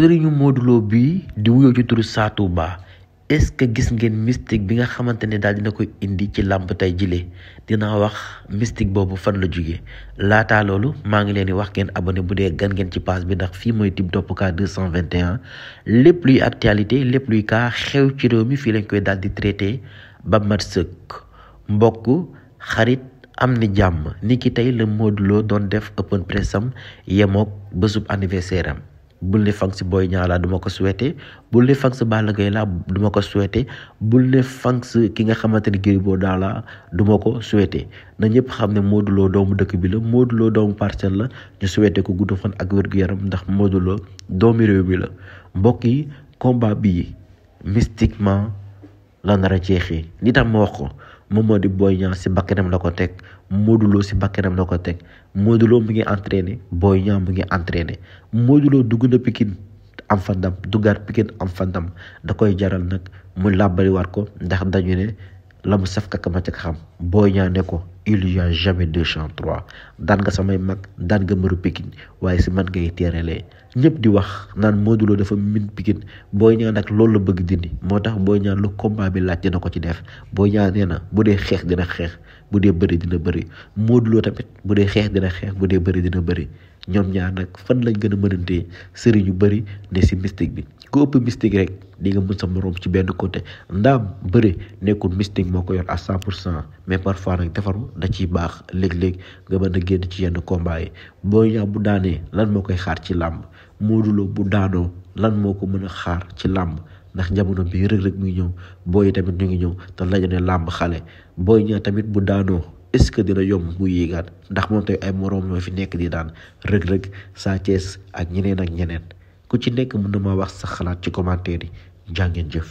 sëriñu Modou Lo bii di wuyoo ci turu Sa Touba est-ce que gis ngeen mystique bi nga xamante ne daal dina koy indi ci làmb tey jile dinaa wax mystique boobu fan la jóge laataa maa ngi leen di wax ngeen abonné bu dee gan ngeen ci page bi ndax fii mooy Tip Top Cas 221 lépp luy actualité lépp luy cas xew ci réew mi fii lañ koy daal di traité ba mat mbokk xarit am ni jàmm ni ki tey la Modou Lo doon def open press am yemook bésub anniversaire bul ne fang si Boy Niang laa du ko souhaité bul ne fang si Balla Gaye laa du ko souhaité bul ne fang ki nga xamante ni Gris Bordeaux laa du ma ko souhaité na ñëpp xam ne Modou doomu dëkk bi la Modou Lo doomu parcelle la ñu souhaité ko gudd fan ak wér-gu-yaram ndax Modou Lo doomu réew bi la mbokk yi combat bii mystiquement la nar a jeexee li tax ma ko moom moo di booy Niang si bakkanam la ko teg Modou Lo si bakkanam la ko teg Modou Lo mu ngi entraîné Boy Niang mu ngi entraîné Modou Lo dugg na Pikine am fa ndam duggaat am fa da koy jaral nag mu làbbaliwaat ko ndax dañu la mu saf kaka ma xam booy ñaa ne ko il y a jamais deux champs trois daan nga samay mag daan nga mëru Pikine waaye si man ngay teeralee ñëpp di wax naan moo duloo dafa min Pikine booy ñaa nag loolu la bëgg dindi moo tax booy ñaa lu combat bi laaj dina ko ci def booy ñaa nee na bu dee xeex dina xeex bu dee bëri dina bëri Modou Lo bu dee xeex dina xeex bu dee bëri dina bëri ñoom ñaar nag fan lañ gën a mënantee sëriñ yu bëri ne si mystique bi ku ëpp mystique rek di nga mën sa morom ci benn côté ndaam bëri nekkul mystique moo ko yor à cent pour cent mais parfois nag defaru da ciy baax léeg-léeg nga mën a génn ci yenn combat yi Boy Niang bu daanee lan moo koy xaar ci làmb Modou bu daanoo lan moo ko mën a xaar ci làmb ndax jamono bi rëg-rëg muy ñëw booy tamit ñu ngi ñëw te lañu ne làmb xale Boy Niang tamit bu daanoo est-ce que dina yomb mu yéegaat ndax moom tey ay moroom ñoo fi nekk di daan rëg-rëg Sa Thiès ak ñeneen ak ñeneen ku ci nekk mën na ma wax sa xalaat ci commentaire yi jàngeen jëf